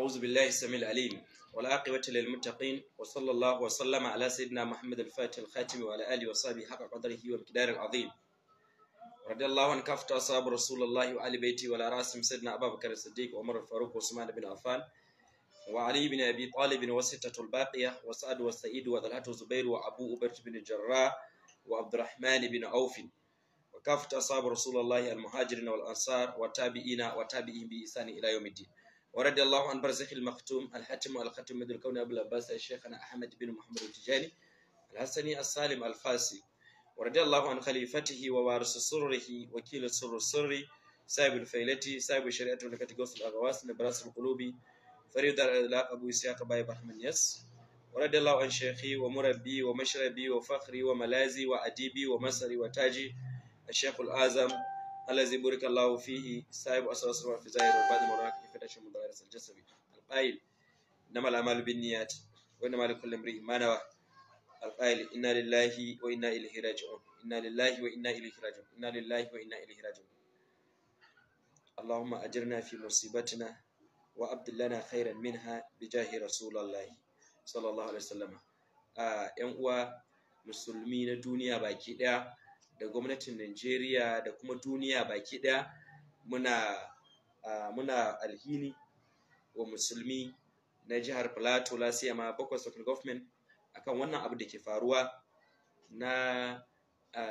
أعوذ بالله السميع العليم والعاقبة للمتقين وصلى الله وسلم على سيدنا محمد الفاتح الخاتم وعلى آله وصحبه حق قدره والمقدار العظيم رضي الله عن كافة أصحاب رسول الله وآل بيته وعلى راسهم سيدنا أبا بكر الصديق وعمر الفاروق وعثمان بن عفان وعلي بن أبي طالب وستة الباقية وسعد والسعيد وذلحة الزبير وأبو أبرت بن الجراء وعبد الرحمن بن عوف وكافة أصحاب رسول الله المهاجرين والأنصار وتابعين وتابعين بإحسان إلى يوم الدين ورضي الله عن برزخ المختوم الحاتم والختم مد الكون أبو العباس الشيخنا أحمد بن محمد التجاني الحسني السالم الفاسي ورضي الله عن خليفته ووارث سره وكيل السر السري سايب الفيلة سايب الشريعة ولكة غوث الأغواس نبراس القلوب فريد الألاء أبو إسحاق بايب أحمد يس ورضي الله عن شيخي ومربي ومشربي وفخري وملازي وأديبي ومصري وتاجي الشيخ الأعظم Allah zai burka Allah fihi sahibu asawasu da shan mudawar sal jasabi alqail na mal amal bin niyat wa lillahi wa inna ilaihi raji'un inna lillahi wa inna fi musibatina wa abdil lana khairan minha bi jahi rasulullahi sallallahu a yan uwa musulmi na duniya baki ɗaya. da gwamnatin Najeriya da kuma duniya baki ɗaya muna muna alhini wa musulmi na jihar Plateau ma Bokos of Government akan wannan abu da ke faruwa na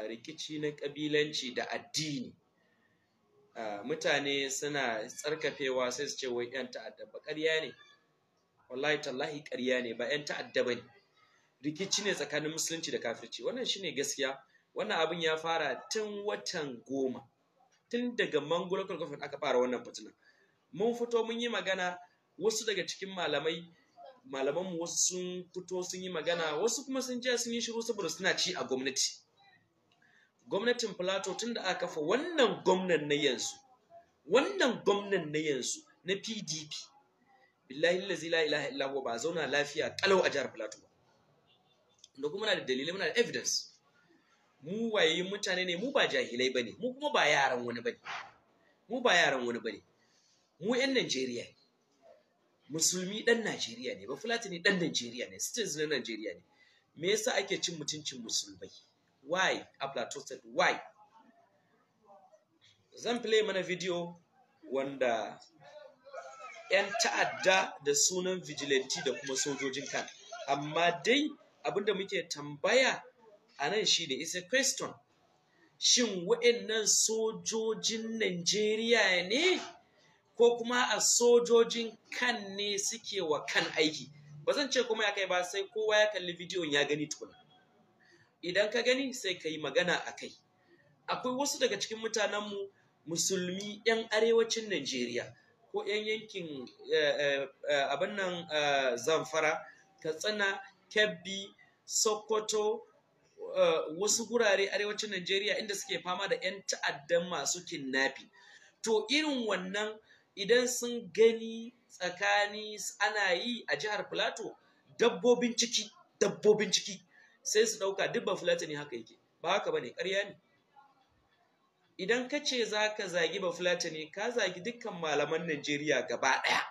rikici na ƙabilanci da addini mutane suna tsarkafewa sai su ce wai 'yan ta'adda ba ƙarya ne wallahi tallahi ƙarya ne ba 'yan ta'adda ba ne rikici ne tsakanin musulunci da kafirci wannan shine gaskiya wannan abin ya fara tun watan goma tun daga mangular kwalkwafin aka fara wannan fitinan mun fito mun yi magana wasu daga cikin malamai malamanmu wasu sun fito sun yi magana wasu kuma sun je sun yi shiru saboda suna ci a gwamnati gwamnatin plato tun da aka kafa wannan gwamnan na yanzu wannan gwamnan na yanzu na pdp billahi la ilaha illahu ba zauna lafiya kalau a jihar plato ba da kuma na da dalilai muna da evidence mu waye mutane ne mu ba jahilai bane mu kuma ba yaran wani bane mu ba yaran wani bane mu yan Najeriya ne musulmi dan Najeriya ne ba fulatani dan Najeriya ne citizen na Najeriya ne me yasa ake cin mutuncin musulmai why a plateau said why zan play mana video wanda 'yan ta'adda da sunan vigilante da kuma sojojin kan amma dai abinda muke tambaya a nan shi da isa question shin wa'annan sojojin Najeriya ne ko kuma a sojojin kan ne suke wa kan aiki ba zan ce kuma ya kai ba sai kowa ya kalli bidiyon ya gani tukuna idan ka gani sai ka yi magana a kai akwai wasu daga cikin mutanenmu musulmi 'yan arewacin Najeriya ko 'yan yankin eh, eh, eh, abin nan zamfara katsina kebbi sokoto Uh, wasu gurare arewacin Najeriya inda suke fama da 'yan ta'addan masu kinnafi. To irin wannan idan sun gani tsakani ana yi a jihar Filato dabbobin ciki, dabbobin ciki sai su ɗauka dubban Filato ne haka yake, ba haka ba ne, ƙarya ne. Idan ka ce za ka zagi ba Filato ne, ka zagi dukkan malaman Najeriya gaba ɗaya,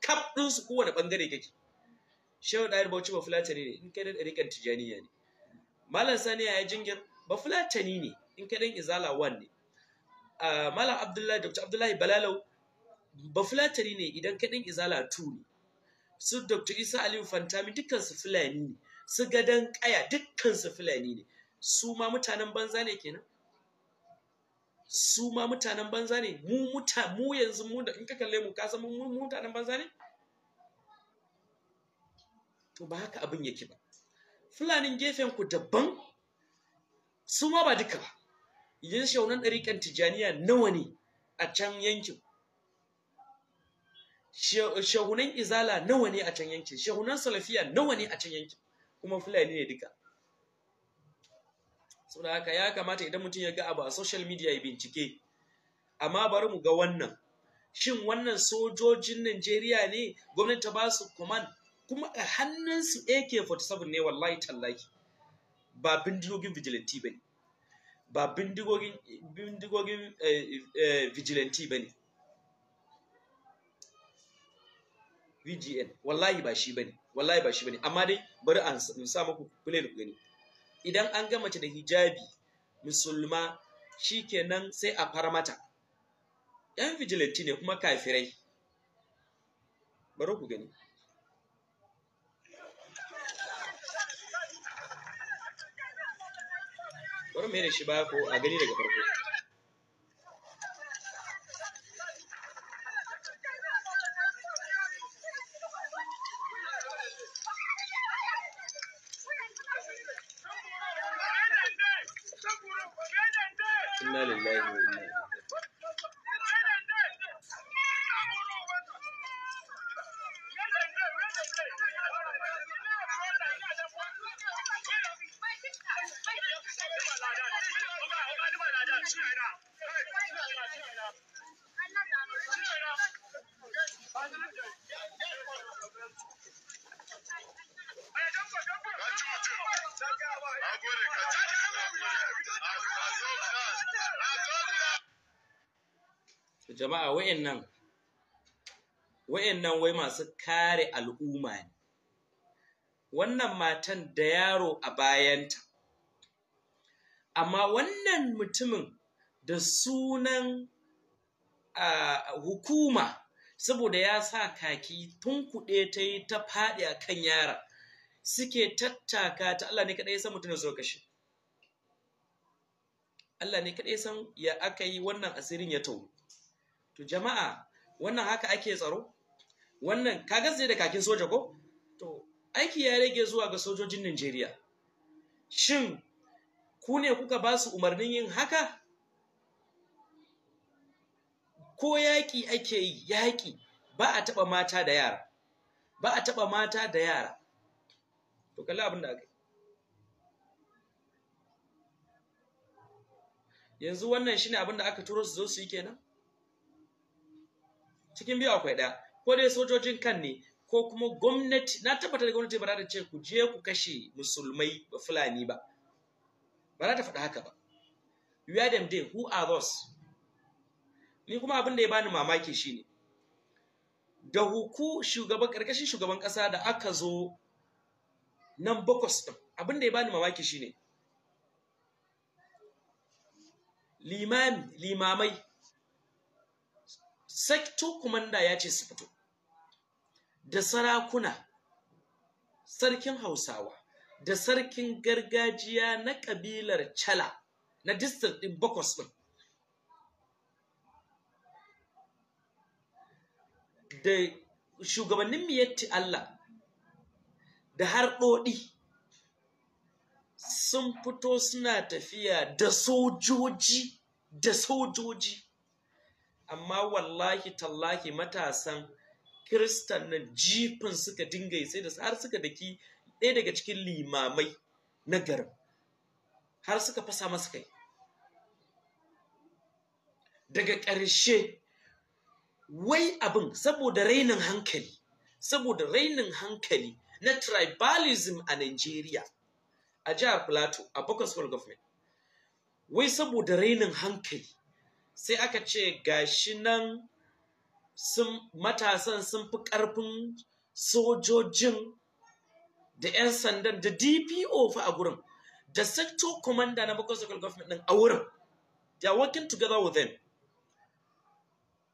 kaf ɗinsu kowane ɓangare kake. Shehu Ɗayar Bauchi ba Filato ne, in kai da ɗariƙan Tijjaniya ne. malam sani ya jingir ba fulatani ne in ka dan izala wan ne ah, malam abdullahi dr abdullahi balalau ba fulatani ne idan ka dan izala tu ne su dr isa aliyu fantami dukkan su fulani ne su gadan kaya dukkan su fulani ne su ma mutanen banza ne kenan su ma mutanen banza ne mu muta mu yanzu mu da in ka kalle mu ka san mu mutanen banza ne to ba haka abin yake ba fulanin gefen ku daban su ma ba duka ba idan shaunan ɗariƙan Tijaniya nawa ne a can yankin shahunan izala nawa ne a can yankin shahunan salafiya nawa ne a can yankin kuma fulani ne duka Sau da haka ya kamata idan mutum ya ga abu a social media ya bincike amma bari mu ga wannan shin wannan sojojin Najeriya ne gwamnati ta ba su command kuma a hannunsu AK47 ne wallahi tallaki ba bindigogin vigilanti ba ne ba bindigogin eh, eh, vigilanti ba ne VGN wallahi ba shi ne wallahi ba shi ne amma dai bari an sa muku kule da gani idan an ga mace da hijabi musulma shi kenan sai a fara mata yan vigilanti ne kuma kafirai bari ku gani bari mu da shi ba ko a gani daga farko inna lillahi jama'a wa'annan wa'annan wai masu kare al'umma ne wannan matan da yaro a bayanta amma wannan mutumin da sunan hukuma saboda ya sa kaki tun kuɗe ta yi ta faɗi a kan yara, suke tattaka ta Allah ne kaɗai san mutum da kashe Allah ne kaɗai san ya aka yi wannan asirin ya tauru to jama'a wannan haka ake tsaro wannan kaga sai da kakin soja ko to aiki ya rage zuwa ga sojojin Najeriya shin ku ne kuka ba su umarnin yin haka ko yaƙi ake yi yaƙi ba a taɓa mata da yara ba a taɓa mata da yara to kalli abin da yanzu wannan shine abin da aka turo su zo su yi kenan cikin biyu akwai ɗaya ko dai sojojin kan ne ko kuma gwamnati na tabbatar da gwamnati ba za ta ce ku je ku kashe musulmai ba fulani ba ba za ta faɗi haka ba you are them they who are those ni kuma abin da ya bani mamaki shine da huku shugaban karkashin shugaban ƙasa da aka zo nan bakwas ɗin abin da ya bani mamaki shine limamai sector commander ya ce su fito da sarakuna sarkin hausawa da sarkin gargajiya na kabilar chala na district din bakwas din da shugabannin miyatti Allah da har ɗoɗi sun fito suna tafiya da sojoji da sojoji amma wallahi tallahi matasan kiristan na jifin suka dinga sai da har suka daki ɗaya daga cikin limamai na garin har suka fasa masu kai daga ƙarshe wai abin saboda rainin hankali saboda rainin hankali na tribalism a Nigeria a jihar Plateau a School Government wai saboda rainin hankali sai aka ce gashi nan matasan sun fi ƙarfin sojojin da 'yan sandan da dpo fa a gurin da sector commander na bakwai local government din a wurin they are working together with them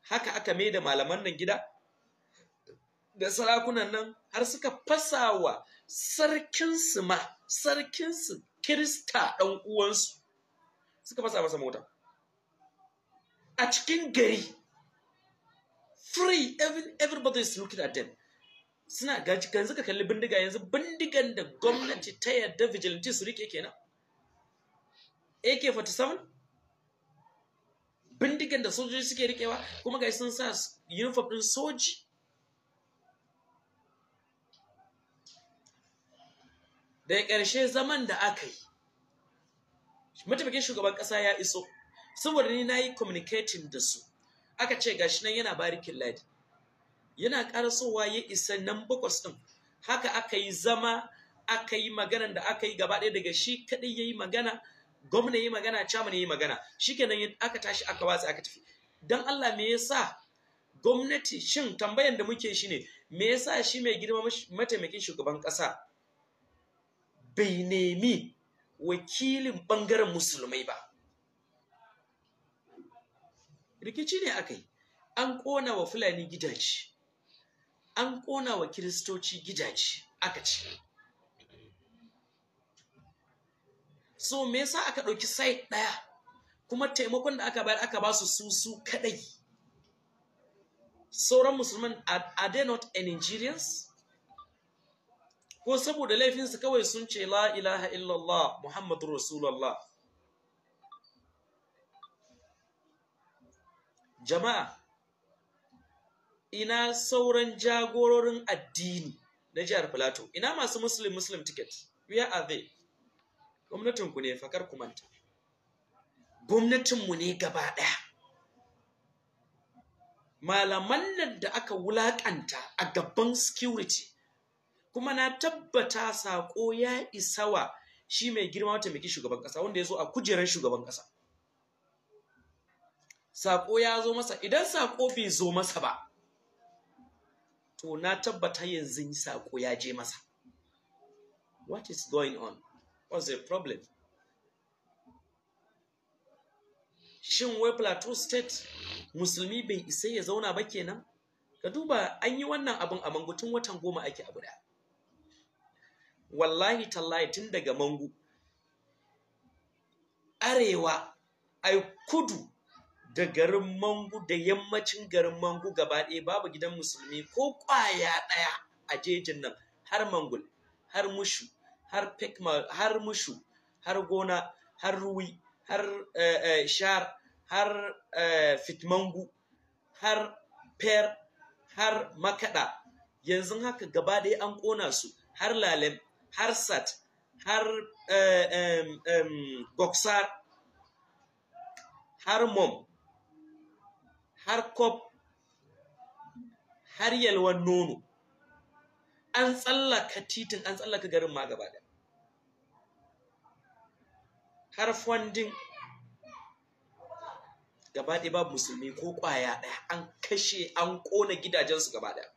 haka aka mai da malaman nan gida da sarakunan nan har suka fasawa sarkinsu ma sarkinsu kirista ɗan uwansu suka fasa masa mota a cikin gari free everybody is looking at them suna gaji kan ka kalli bindiga yanzu bindigan da gwamnati ta yarda vigilante su rike kenan AK47 bindigan da sojoji suke rikewa kuma ga sun sa uniform din soji da ƙarshe zaman da aka yi mataimakin shugaban ƙasa ya iso saboda ni na yi communicating da su aka ce gashi nan yana barikin ladi yana karasowa ya isa nan bakwas ɗin haka aka yi zama aka yi magana da aka yi gaba ɗaya daga shi kaɗai ya yi magana gwamna ya yi magana chairman ya yi magana shikenan aka tashi aka watsa aka tafi don Allah me yasa gwamnati shin tambayan da muke shi ne me yasa shi mai girma mataimakin shugaban ƙasa bai nemi wakilin ɓangaren musulmai ba rikici ne aka yi an ƙona wa fulani gidaje an ƙona wa kiristoci gidaje aka ce so me yasa aka ɗauki site ɗaya kuma taimakon da aka bayar aka ba su su su kaɗai sauran musulman are they not an Nigerians? ko saboda laifinsu kawai sun ce la ilaha illallah muhammadu rasulallah jama'a ina sauran jagororin addini na jihar Plateau ina masu muslim muslim ticket where are they gwamnatin ku ne fakar ku manta gwamnatin ne gaba daya malaman nan da aka wulaƙanta a gaban security kuma na tabbata sako ya isawa shi mai girma wata miki shugaban kasa wanda ya zo a kujerar shugaban ƙasa. Sako ya zo masa idan sako bai zo masa ba to na tabbata yanzu sako ya je masa what is going on what's the problem shin wai plateau state musulmi bai isa ya zauna ba kenan ka duba an yi wannan abin a mangutun watan goma ake abu guda. wallahi tallahi tun daga mangu arewa ai kudu da garin mangu da yammacin garin mangu gaba ɗaya babu gidan musulmi ko ƙwaya ɗaya a jejin nan har mangul har mushu har pekma har mushu har gona har ruwi har eh, eh, shar har eh, fitmangu har per har makaɗa yanzu haka gaba ɗaya an ƙona su har lalem har sat har goksar har mom har kop har yalwan nono an tsallaka titin an tsallaka garin ma gaba ɗaya har fondin gaba ɗaya babu musulmi ko ƙwaya ɗaya an kashe an ƙona gidajensu gaba ɗaya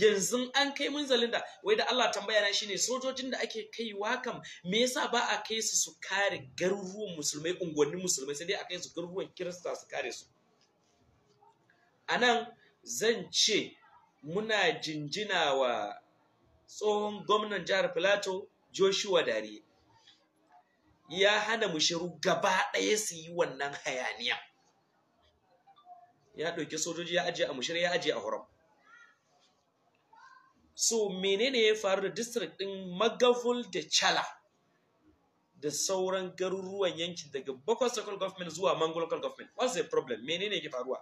yanzu an kai munzalin da wai da Allah tambaya na shine sojojin da ake wa kam me yasa ba a kai su su kare garuruwan musulmai unguwannin musulmai sai dai a kai su garuruwan kirista su kare su a nan zan ce muna jinjina wa tsohon gwamnan jihar Filato Joshua Dare ya hana mushiru gaba ɗaya su yi wannan hayaniya. Ya ɗauki sojoji ya ajiye a mushir ya ajiye a horon. So menene ya faru da district ɗin Magavul da Chala da sauran garuruwan yankin daga bakwai Local Government zuwa Mango Local Government? What's the problem? Menene ke faruwa?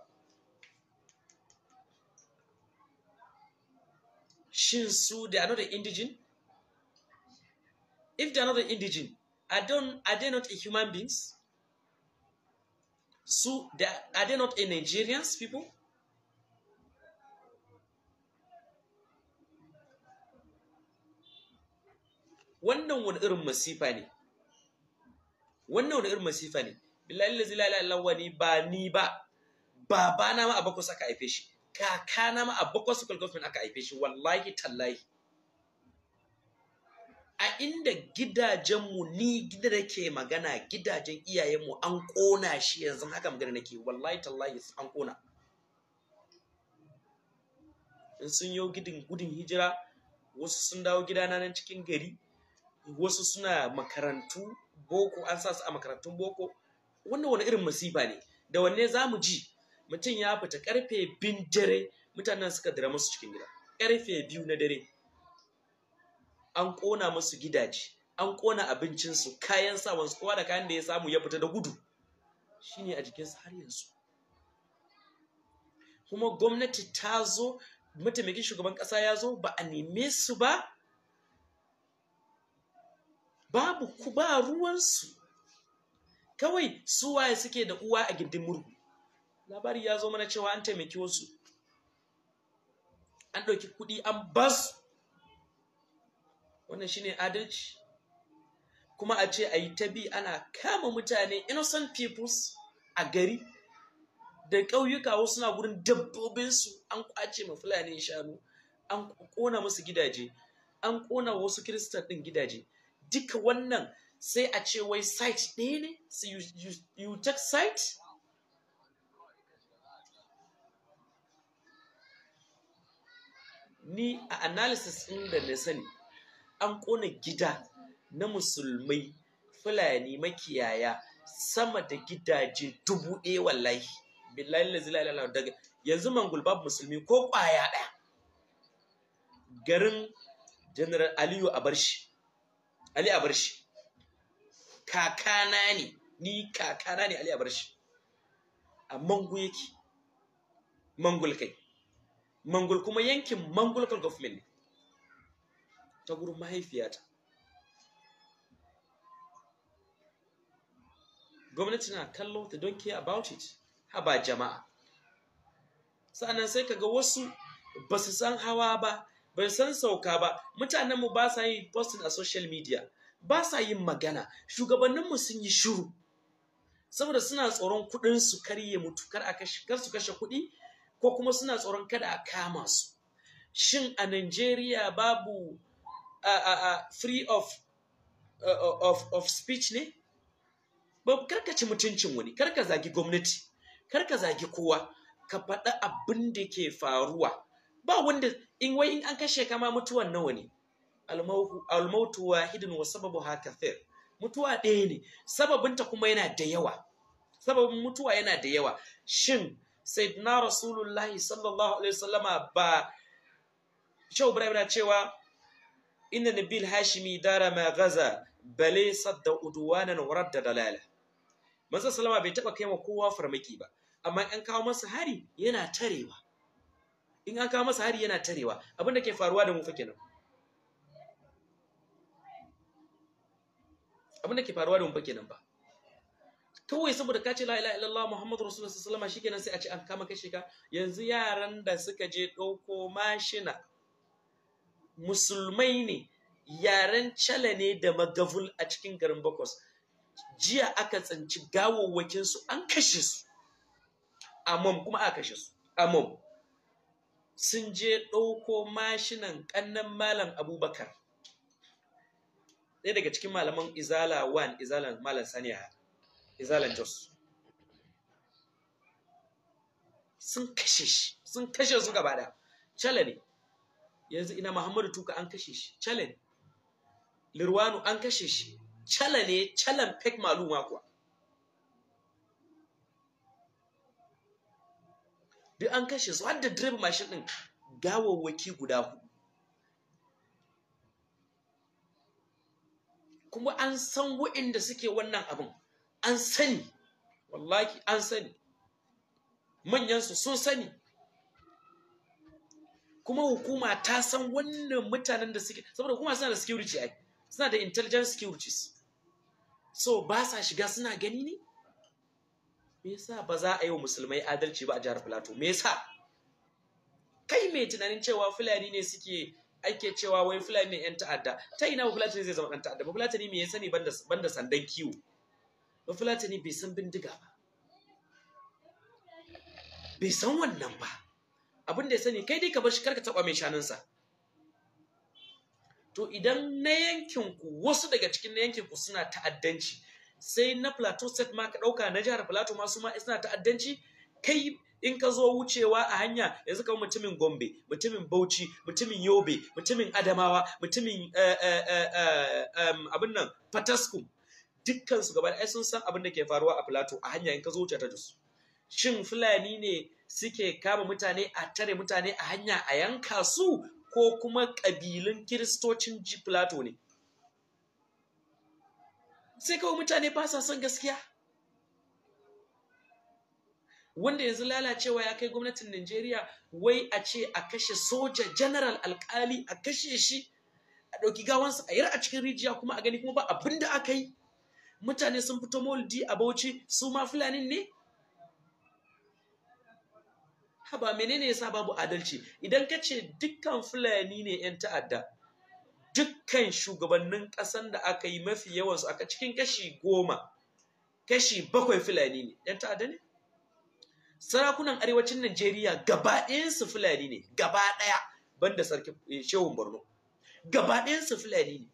shin su da another indigene if they are not an indigene, are they, are they not human beings? So they, are they not a Nigerians people? Wannan wani irin masifa ne, wannan wani irin masifa ne, billahi lallai lalalawa wani ba ni ba, na ma abokan saka haife shi. kakana ma a bakwai su government aka haife shi wallahi tallahi a inda gidajenmu ni gida da ke magana gidajen iyayenmu an ƙona shi yanzu haka magana nake wallahi tallahi an ƙona in sun yi gidin gudun hijira wasu sun dawo gidana nan cikin gari wasu suna makarantu boko an sa su a makarantun boko wannan wani irin masifa ne da wanne za mu ji mutum ya fita karfe bin dare mutanen suka dira musu cikin gida karfe biyu na dare an kona musu gidaje an kona abincinsu kayan su kowa da kayan da ya samu ya fita da gudu shine a jikinsu har yanzu kuma gwamnati ta zo mataimakin shugaban ƙasa ya zo ba a neme su ba babu ku ba ruwansu kawai su waye suke da uwa a gindin murhu labari ya zo mana cewa an taimaki wasu an ɗauki kuɗi an bas wannan shine adalci kuma a ce a yi ta bi ana kama mutane innocent peoples a gari da ƙauyuka wasu na gurin dabbobinsu an kwace ma fulani shanu an ƙona musu gidaje an ƙona wasu kiristan ɗin gidaje duka wannan sai a ce wai site ɗaya ne you, you take site ni a analysis ɗin da na sani an ƙona gida na musulmai fulani makiyaya sama da gidaje dubu ɗaya wallahi billahi daga yanzu mangul babu musulmi ko ƙwaya ɗaya garin general aliyu abarshi ali abarshi kakana ne ni kakana ne ali abarshi a mangu yake mangul kai mangul kuma yankin mangul local government ne ta gurin mahaifiyata gwamnati na kallo ta don care about it ba jama'a sa'annan sai kaga wasu ba su san hawa ba ba san sauka ba mutanenmu ba sa yin posting a social media ba sa yin magana shugabanninmu sun yi shuru. saboda suna tsoron kuɗin su karye mutu kar su kashe kuɗi ko kuma suna tsoron kada a kama su shin a Najeriya babu a uh, uh, free of of of speech ne babu karka ci mutuncin wani karka zagi gwamnati karka zagi kowa ka faɗa abin da ke faruwa ba wanda in wai in an kashe kama mutuwan nawa ne almautu wahidun wa sababu haka hakathir mutuwa ɗaya ne sababinta kuma yana da yawa sababin mutuwa yana da yawa shin sayyidina rasulullahi sallallahu alaihi wasallama ba shau ibrahim na cewa inna nabil hashimi dara ma gaza bale sadda udwanan warad da dalala manzo sallama bai taba kai wa kowa farmaki ba amma an kawo masa hari yana tarewa in an kawo masa hari yana tarewa abin da ke faruwa da mu fa kenan abin da ke faruwa da mu fa kenan ba kawai saboda ka ce la ilaha illallah muhammadu rasulullahi sallallahu alaihi wasallam shikenan sai a ce an kama kashe ka yanzu yaran da suka je ɗauko mashina musulmai ne yaren cala ne da magavul a cikin garin bakwas jiya aka tsanci gawowakin su an kashe su Amon kuma aka kashe su Amon sun je ɗauko mashinan kannan malam abubakar ɗaya daga cikin malaman izala 1 izalan malam saniya izalan jos sun kashe shi sun kashe su gaba da cale ne yanzu ina muhammadu tuka an kashe shi cale ne lirwanu an kashe shi cale ne calan fake maluma kuwa duk an kashe su har da direba mashin din gawawwaki guda hudu kuma an san wa'inda suke wannan abin an sani wallahi an sani manyansu sun sani kuma hukuma ta san wannan mutanen da suke saboda hukuma suna da security ai suna da intelligence securities so ba sa shiga suna gani ne me yasa ba za a yi wa musulmai adalci ba a jihar Plateau me yasa kai mai tunanin cewa fulani ne suke ake cewa wai fulani ne yan ta'adda ta ina ba fulani zai zama dan ta'adda ba fulani me ya sani banda banda sandan kiwo bafulatani bai san bindiga ba bai san wannan ba abin da ya sani kai dai ka bar shi karka taba mai shanunsa to idan na yankin ku wasu daga cikin na yankin ku suna ta'addanci sai na plateau state ma ka dauka na jihar plateau ma su ma suna ta'addanci kai in ka zo wucewa a hanya yanzu kamar mutumin gombe mutumin bauchi mutumin yobe mutumin adamawa mutumin eh, eh, eh, abin nan fataskum dukkan su gaba ɗaya sun san abin da ke faruwa a Filato a hanya in ka zo wuce ta shin Fulani ne suke kama mutane a tare mutane a hanya a yanka su ko kuma ƙabilun kiristocin ji Filato ne sai kawai mutane ba sa son gaskiya wanda yanzu lalacewa ya kai gwamnatin Najeriya wai a ce a kashe soja general alkali a kashe shi a ɗauki gawansa a yar a cikin rijiya kuma a gani kuma ba abin da aka yi mutane sun fito Moldi a bauchi su ma fulanin ne haba menene ya yasa babu adalci idan ka ce dukkan fulani ne 'yan ta'adda dukkan shugabannin ƙasan da aka yi mafi yawansu aka cikin kashi goma kashi bakwai fulani ne 'yan ta'adda ne sarakunan arewacin najeriya gaba ɗayansu fulani ne gaba ɗaya banda sarki eh, shehun borno gaba ɗayansu fulani ne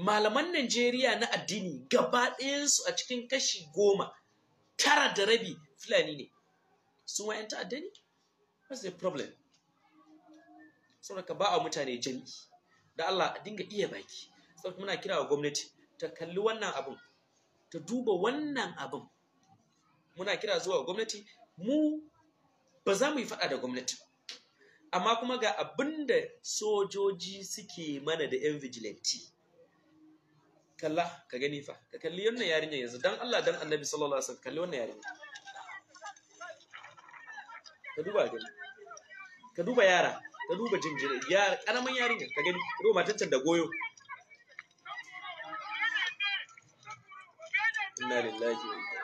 malaman Najeriya na addini gaba su a cikin kashi goma tara da rabi Fulani ne. Sun wa'yan ta'adda ne? What's the problem? ka ba a mutane jami'i da Allah a dinga iya baki. Saboda muna kira wa gwamnati ta kalli wannan abin, ta duba wannan abin. Muna kira zuwa gwamnati mu ba za mu yi faɗa da gwamnati Amma kuma ga abin da sojoji suke mana da 'yan vigilante. kalla ka gani fa ka kalli wannan yarinya yanzu dan Allah dan Annabi sallallahu alaihi wasallam kalli wannan yarinya ka duba gani ka duba yara ka duba jinjiri, yara karaman yarinya ka gani ka duba matar da goyo inna lillahi wa inna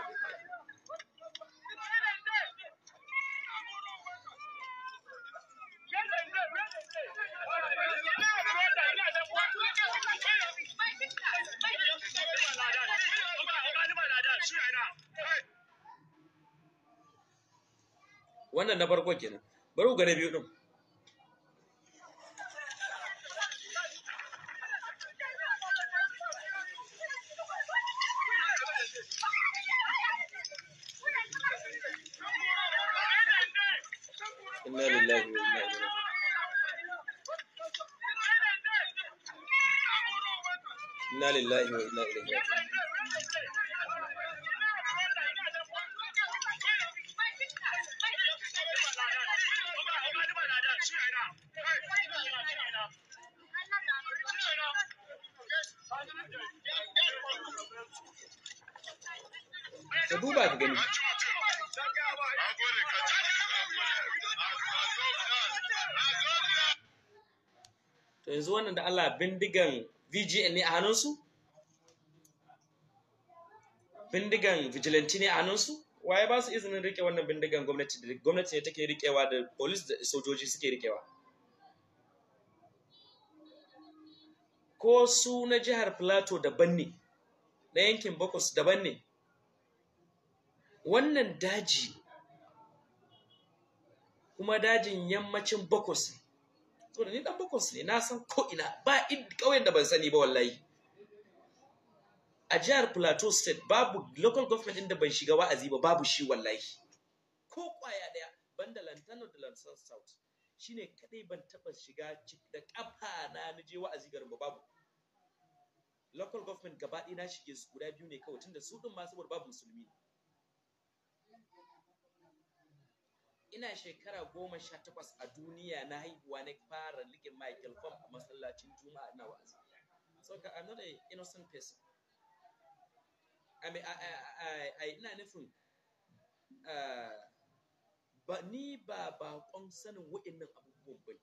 wannan na farko kenan bari ku ga na biyu din inna lillahi wa inna ilaihi Ka duba ka gani. To yanzu wannan da Allah bindigan VGN ne a hannunsu? Bindigan vigilante ne a hannunsu? waye ba su izinin rike wannan bindigan gwamnati da gwamnati ne take rikewa da polis da sojoji suke rikewa ko su na jihar plateau daban ne na yankin bakwas daban ne wannan daji kuma dajin yammacin bakwas to ni dan bakwas ne na san ko ina ba ƙauyen da ban sani ba wallahi a jihar plateau state babu local government inda ban shiga wa'azi ba babu shi wallahi ko kwaya daya banda lantano da lantano south shine kadai ban taba shiga da kafa na naje wa'azi garin ba babu local government gaba ɗaya na shige su guda biyu ne kawai tunda su din ma saboda babu musulmi ne ina shekara goma sha takwas a duniya na haihuwa na fara rikin Michael Fom a masallacin Juma'a na wa'azi. So, I'm not innocent person. ina nufin uh, ba ni ba bakon sanin wa'innan abubuwan bai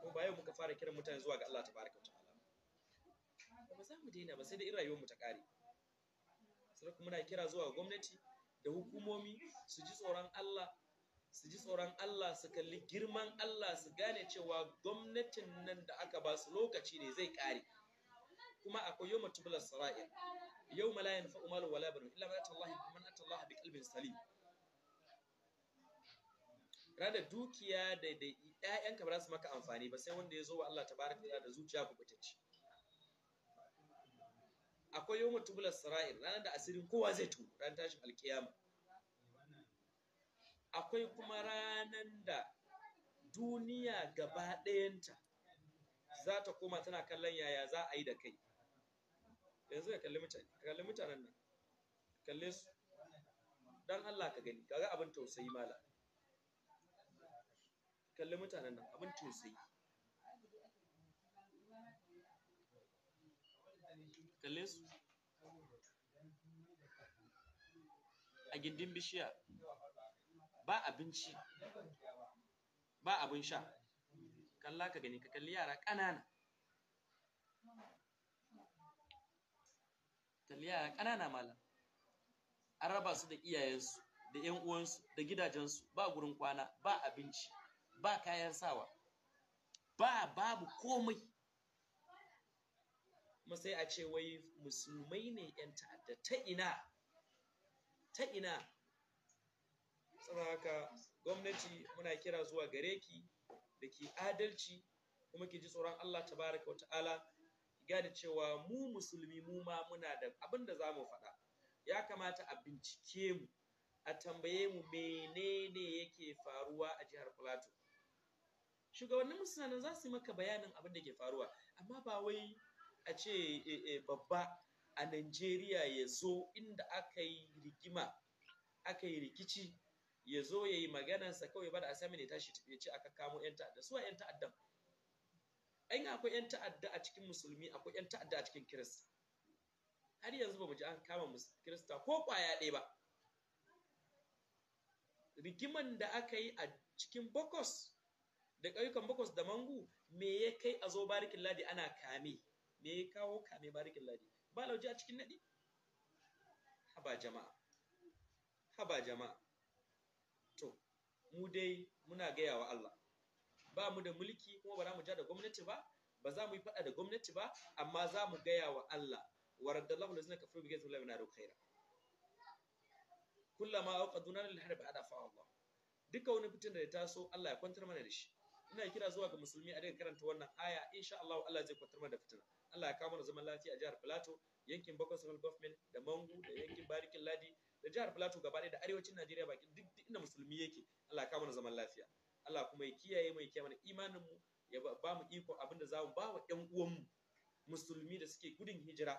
ko ba yau muka fara kiran mutane zuwa ga Allah ta baraka ba za mu daina ba sai da in rayuwar mu ta kare sai kuma muna kira zuwa gwamnati da hukumomi su ji tsoron Allah su ji tsoron Allah su kalli girman Allah su gane cewa gwamnatin nan da aka ba su lokaci ne zai kare kuma akwai yau mutubular sara'ir yau ma la yanfa'u malu wala banu illa man ata Allah man ata Allah bi qalbin salim rada dukiya da da ƴaƴanka ba za su maka amfani ba sai wanda ya zo wa Allah tabaraka ta'ala da zuciya kubutacce akwai yawmut tubular sara'ir ranar da asirin kowa zai tu ran tashin alkiyama akwai kuma ranar da duniya gaba ɗayanta za ta koma tana kallon yaya za a yi da kai yanzu ka kalli mutanen nan kalle su dan Allah ka gani kaga abin tausayi mala kalli mutanen nan abin tausayi kalle su a gindin bishiya ba abinci ba abin sha kalla ka gani ka kalli yara ƙanana kalli ƙanana malam an raba su da iyayensu da yan uwansu da gidajensu ba gurin kwana ba abinci ba kayan sawa ba babu komai kuma sai a ce wai musulmai ne yan ta'adda ta ina ta ina haka gwamnati muna kira zuwa gare ki da ki adalci kuma ki ji tsoron Allah tabaraka wa ta'ala gane cewa mu musulmi mu ma muna da abin da za mu faɗa ya kamata a bincike mu a tambaye mu menene yake faruwa a jihar plateau shugabannin musulmanin za su yi maka bayanin abin da ke faruwa amma ba wai a ce eh, eh, babba a Najeriya ya zo inda aka yi rigima aka yi rikici ya zo ya yi maganarsa kawai ba da asami ne tashi tafiye ce aka kamo 'yan ta'adda suwa 'yan ta'addan in akwai yan ta'adda a cikin musulmi akwai yan ta'adda a cikin kirista har yanzu ba mu ji an kama kirista ko kwaya ɗaya ba rigiman da aka yi a cikin bokos da ƙauyukan bokos da mangu me ya kai a zo barikin ladi ana kame me ya kawo kame barikin ladi ba lauje a cikin naɗi haba jama'a haba jama'a to mu dai muna gaya wa Allah ba mu da mulki kuma ba za mu ja da gwamnati ba ba za mu yi faɗa da gwamnati ba amma za mu gaya wa Allah wa raddallahu lazina kafaru bi ghayri na khaira kullama awqadu lil harbi fa Allah duka wani fitin da ya taso Allah ya kwantar mana da shi ina kira zuwa ga musulmi a daga karanta wannan aya insha Allah Allah zai kwantar mana da fitina Allah ya kawo mana zaman lafiya a jihar Plateau yankin Bokos Central Government da Mangu da yankin Barikin Ladi da jihar Plateau gaba ɗaya da arewacin Najeriya baki duk inda musulmi yake Allah ya kawo mana zaman lafiya Allah kuma ya kiyaye mai kiyaye mana imanin mu ya ba mu iko abinda za mu ba wa ƴan uwan mu musulmi da suke gudun hijira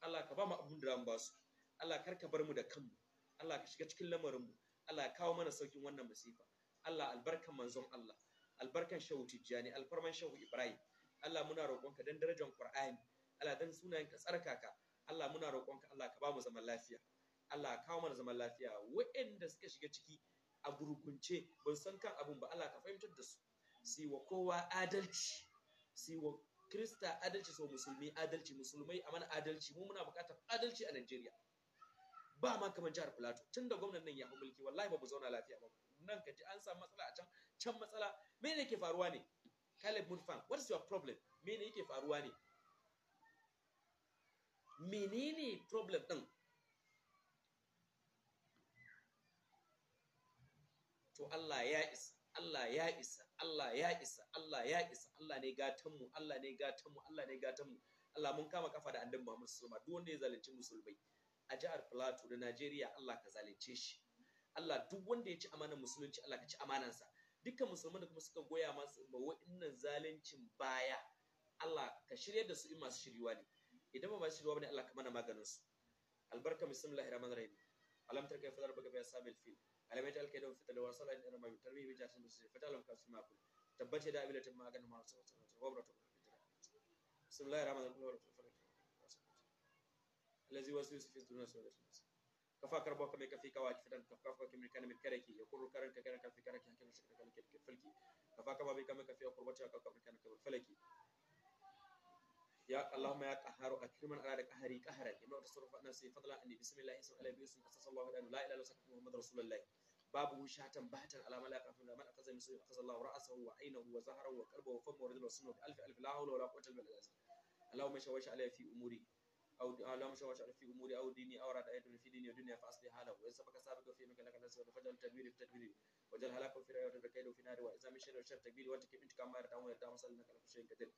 Allah ka ba mu abin da za mu ba su Allah kar ka bar mu da kanmu Allah ka shiga cikin lamarin mu Allah ya kawo mana saukin wannan masifa Allah albarkan manzon Allah albarkan shehu tijjani alfarman shehu ibrahim Allah muna roƙonka dan darajar qur'ani Allah dan sunayenka tsarkaka Allah muna roƙonka Allah ka ba mu zaman lafiya Allah kawo mana zaman lafiya waɗanda suka shiga ciki a gurgunce ban san kan abin ba Allah ka fahimtar da su si wa kowa adalci si wa krista adalci so musulmi adalci musulmai a mana adalci mu muna buƙatar adalci a Najeriya ba ma kamar jihar Plateau tun da gwamnan nan ya hu mulki wallahi ba mu zauna lafiya ba nan ka an samu matsala a can can matsala me ne yake faruwa ne Caleb Murfan what is your problem me ne yake faruwa ne menene problem din to Allah ya isa Allah ya isa Allah ya isa Allah ya isa Allah ne gatanmu Allah ne gatanmu Allah ne gatanmu Allah mun kama kafa da andan Muhammad sallallahu alaihi wasallam duk wanda ya zalunci musulmai a jihar Plateau da Najeriya Allah ka zalunce shi Allah duk wanda ya ci amanar musulunci Allah ka ci amanansa dukkan musulmai da kuma suka goya masu ba wa'innan zaluncin baya Allah ka shirye da su in masu shiriwa ne idan ba masu shiriwa ne Allah ka mana maganin su albarka bismillahir rahmanir rahim alam tarkai fadar baga bi samil fil alamai alkai don fitar da wasu ala da rabbi tarbi bi jasin bisir fata lam kasu ma kul tabbace da abilatin maganin masu wabra to bismillahir rahmanir rahim الذي وسوس في الدنيا سورة الناس كفا كربو كم كفي كواك فدان كفا كفا كم كان من كركي يقول كرن كرن كفي كركي هكذا شكل كان كفلكي كفا كما بي كم كفي يقول بتشا كم كان كفلكي يا اللهم يا قهار اكرمنا على قهري قهرا لمن تصرف نفسي فضلا اني بسم الله اسم الله بيسم اسس الله لا اله الا الله محمد رسول الله باب وشاتم بهتا على ملائكه من اخذ من سوء اخذ الله راسه وعينه وظهره وقلبه وفمه ورجله وسنه بالف الف لا حول ولا قوه الا بالله اللهم شوش علي في اموري أو اللهم شوش في أموري أو ديني أو رد أيضا في ديني ودنيا فأصلح له وإن سبق سابق في مكانك لا سوى فجل تدبيري في تدبيري وجل هلاك في رأي وتركيل في نار وإذا من شر وشر تكبيري وأنت كم انتقام ما يرتعون يرتعون صلى لك لك شيء كثير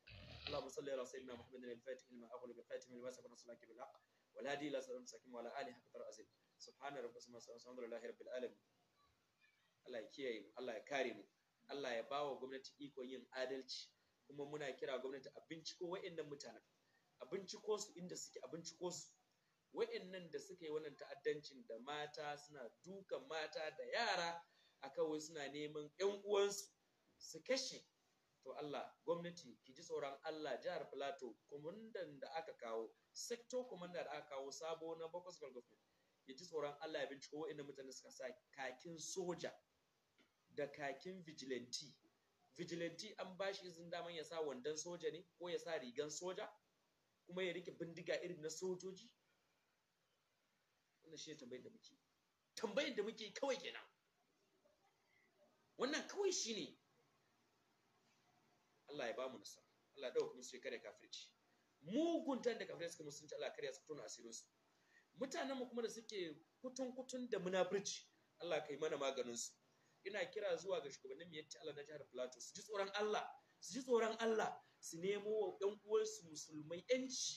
اللهم صل على سيدنا محمد الفاتح لما أغلب الخاتم الواسع ونصر لك بالحق والهادي إلى صراط المستقيم وعلى آله حق ترى سبحان ربك الحمد لله رب العالمين Allah ya kiyaye mu Allah ya kare mu Allah ya bawa gwamnati ikon yin adalci kuma muna kira gwamnati a binciko wa'annan mutanen a su inda suke a binciko su wa'annan da suka yi wannan ta'addancin da mata suna duka mata da yara a kawai suna neman 'yan uwansu su kashe to Allah gwamnati ki ji tsoron Allah jihar Filato. kwamandan da aka kawo sector commander da aka kawo sabo na Bokos Government ya ji tsoron Allah ya binciko wa'annan mutane suka sa kakin soja da kakin vigilante vigilante an ba shi izin daman ya sa wandon soja ne ko ya sa rigan soja kuma ya rike bindiga irin na sojoji wannan shi ne tambayar da muke tambayar da muke kawai kenan wannan kawai shi ne Allah ya bamu nasara Allah ya dauka musu kare kafirci tan da kafirci suka musulunci Allah kare su tona asirin su mutanen mu kuma da suke kutun kutun da munafirci Allah kai mana maganin su ina kira zuwa ga shugabannin mu yace Allah na jihar Plateau su ji tsoron Allah su ji tsoron Allah su nemo ‘yan uwarsu musulmai ‘yanci